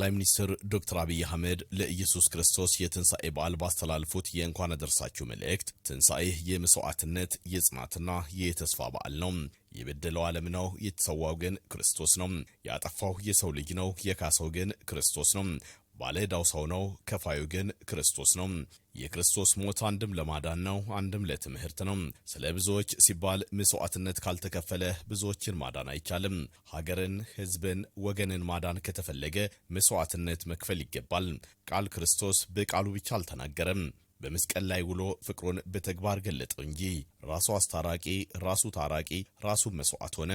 ጠቅላይ ሚኒስትር ዶክተር አብይ አህመድ ለኢየሱስ ክርስቶስ የትንሣኤ በዓል ባስተላለፉት የእንኳን አደረሳችሁ መልእክት ትንሣኤ የመስዋዕትነት የጽናትና የተስፋ በዓል ነው። የበደለው ዓለም ነው፣ የተሰዋው ግን ክርስቶስ ነው። ያጠፋው የሰው ልጅ ነው፣ የካሰው ግን ክርስቶስ ነው። ባለ ዕዳው ሰው ነው፣ ከፋዩ ግን ክርስቶስ ነው። የክርስቶስ ሞት አንድም ለማዳን ነው፣ አንድም ለትምህርት ነው። ስለ ብዙዎች ሲባል መስዋዕትነት ካልተከፈለ ብዙዎችን ማዳን አይቻልም። ሀገርን፣ ህዝብን፣ ወገንን ማዳን ከተፈለገ መስዋዕትነት መክፈል ይገባል። ቃል ክርስቶስ በቃሉ ብቻ አልተናገረም። በመስቀል ላይ ውሎ ፍቅሩን በተግባር ገለጠው እንጂ ራሱ አስታራቂ፣ ራሱ ታራቂ፣ ራሱ መስዋዕት ሆነ።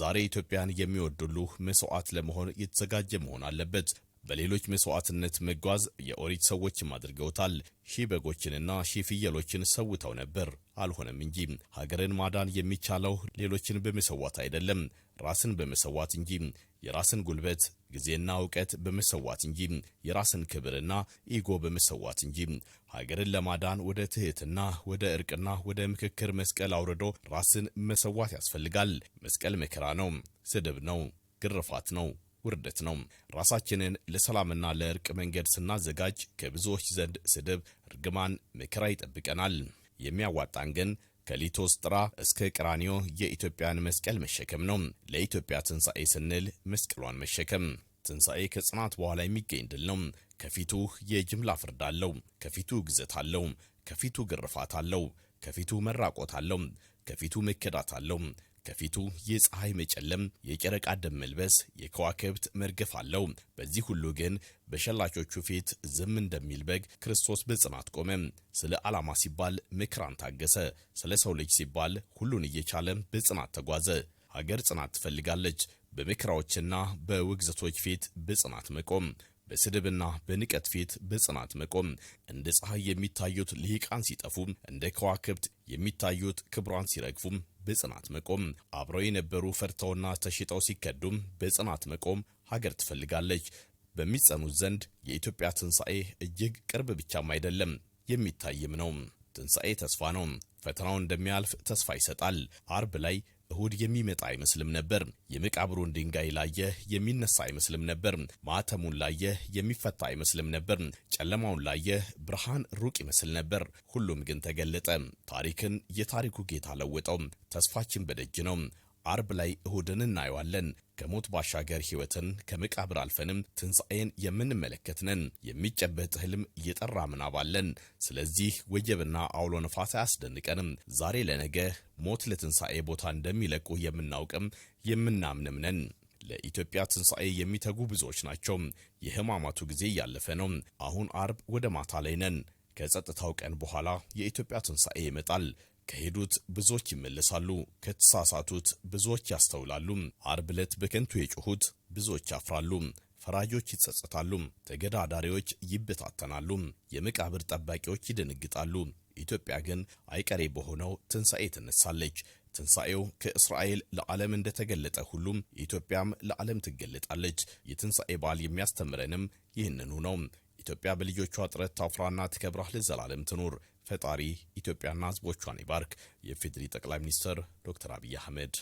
ዛሬ ኢትዮጵያን የሚወድ መስዋዕት ለመሆን የተዘጋጀ መሆን አለበት። በሌሎች መስዋዕትነት መጓዝ የኦሪት ሰዎችም አድርገውታል። ሺህ በጎችንና ሺህ ፍየሎችን ሰውተው ነበር፣ አልሆነም እንጂ። ሀገርን ማዳን የሚቻለው ሌሎችን በመሰዋት አይደለም፣ ራስን በመሰዋት እንጂ። የራስን ጉልበት ጊዜና እውቀት በመሰዋት እንጂ። የራስን ክብርና ኢጎ በመሰዋት እንጂ። ሀገርን ለማዳን ወደ ትህትና፣ ወደ እርቅና ወደ ምክክር መስቀል አውርዶ ራስን መሰዋት ያስፈልጋል። መስቀል መከራ ነው፣ ስድብ ነው፣ ግርፋት ነው ውርደት ነው። ራሳችንን ለሰላምና ለእርቅ መንገድ ስናዘጋጅ ከብዙዎች ዘንድ ስድብ፣ እርግማን፣ መከራ ይጠብቀናል። የሚያዋጣን ግን ከሊቶስጥራ እስከ ቅራኒዮ የኢትዮጵያን መስቀል መሸከም ነው። ለኢትዮጵያ ትንሣኤ ስንል መስቀሏን መሸከም። ትንሣኤ ከጽናት በኋላ የሚገኝ ድል ነው። ከፊቱ የጅምላ ፍርድ አለው። ከፊቱ ግዘት አለው። ከፊቱ ግርፋት አለው። ከፊቱ መራቆት አለው። ከፊቱ መከዳት አለው። ከፊቱ የፀሐይ መጨለም፣ የጨረቃ ደም መልበስ፣ የከዋክብት መርገፍ አለው። በዚህ ሁሉ ግን በሸላቾቹ ፊት ዝም እንደሚል በግ ክርስቶስ በጽናት ቆመ። ስለ ዓላማ ሲባል ምክራን ታገሰ። ስለ ሰው ልጅ ሲባል ሁሉን እየቻለ በጽናት ተጓዘ። ሀገር ጽናት ትፈልጋለች። በመከራዎችና በውግዘቶች ፊት በጽናት መቆም በስድብና በንቀት ፊት በጽናት መቆም እንደ ፀሐይ የሚታዩት ልሂቃን ሲጠፉ እንደ ከዋክብት የሚታዩት ክብሯን ሲረግፉም በጽናት መቆም አብረው የነበሩ ፈርተውና ተሽጠው ሲከዱም በጽናት መቆም ሀገር ትፈልጋለች። በሚጸኑት ዘንድ የኢትዮጵያ ትንሣኤ እጅግ ቅርብ ብቻም አይደለም የሚታይም ነው። ትንሣኤ ተስፋ ነው። ፈተናው እንደሚያልፍ ተስፋ ይሰጣል። አርብ ላይ እሁድ የሚመጣ አይመስልም ነበር። የመቃብሩን ድንጋይ ላየ የሚነሳ አይመስልም ነበር። ማተሙን ላየ የሚፈታ አይመስልም ነበር። ጨለማውን ላየ ብርሃን ሩቅ ይመስል ነበር። ሁሉም ግን ተገለጠ። ታሪክን የታሪኩ ጌታ ለወጠው። ተስፋችን በደጅ ነው። አርብ ላይ እሁድን እናየዋለን። ከሞት ባሻገር ሕይወትን ከመቃብር አልፈንም ትንሣኤን የምንመለከት ነን። የሚጨበጥ ህልም እየጠራ ምናባለን። ስለዚህ ወጀብና አውሎ ነፋስ አያስደንቀንም። ዛሬ ለነገ ሞት ለትንሣኤ ቦታ እንደሚለቁ የምናውቅም የምናምንም ነን። ለኢትዮጵያ ትንሣኤ የሚተጉ ብዙዎች ናቸው። የህማማቱ ጊዜ እያለፈ ነው። አሁን አርብ ወደ ማታ ላይ ነን። ከጸጥታው ቀን በኋላ የኢትዮጵያ ትንሣኤ ይመጣል። ከሄዱት ብዙዎች ይመለሳሉ፣ ከተሳሳቱት ብዙዎች ያስተውላሉ። አርብ ዕለት በከንቱ የጮሁት ብዙዎች ያፍራሉ፣ ፈራጆች ይጸጸታሉ፣ ተገዳዳሪዎች ይበታተናሉ፣ የመቃብር ጠባቂዎች ይደነግጣሉ። ኢትዮጵያ ግን አይቀሬ በሆነው ትንሣኤ ትነሳለች። ትንሣኤው ከእስራኤል ለዓለም እንደተገለጠ ሁሉም ኢትዮጵያም ለዓለም ትገለጣለች። የትንሣኤ በዓል የሚያስተምረንም ይህንኑ ነው። ኢትዮጵያ በልጆቿ ጥረት ታፍራና ትከብራህ ለዘላለም ትኑር። ፈጣሪ ኢትዮጵያና ህዝቦቿን ይባርክ። የፌዴሪ ጠቅላይ ሚኒስትር ዶክተር አብይ አህመድ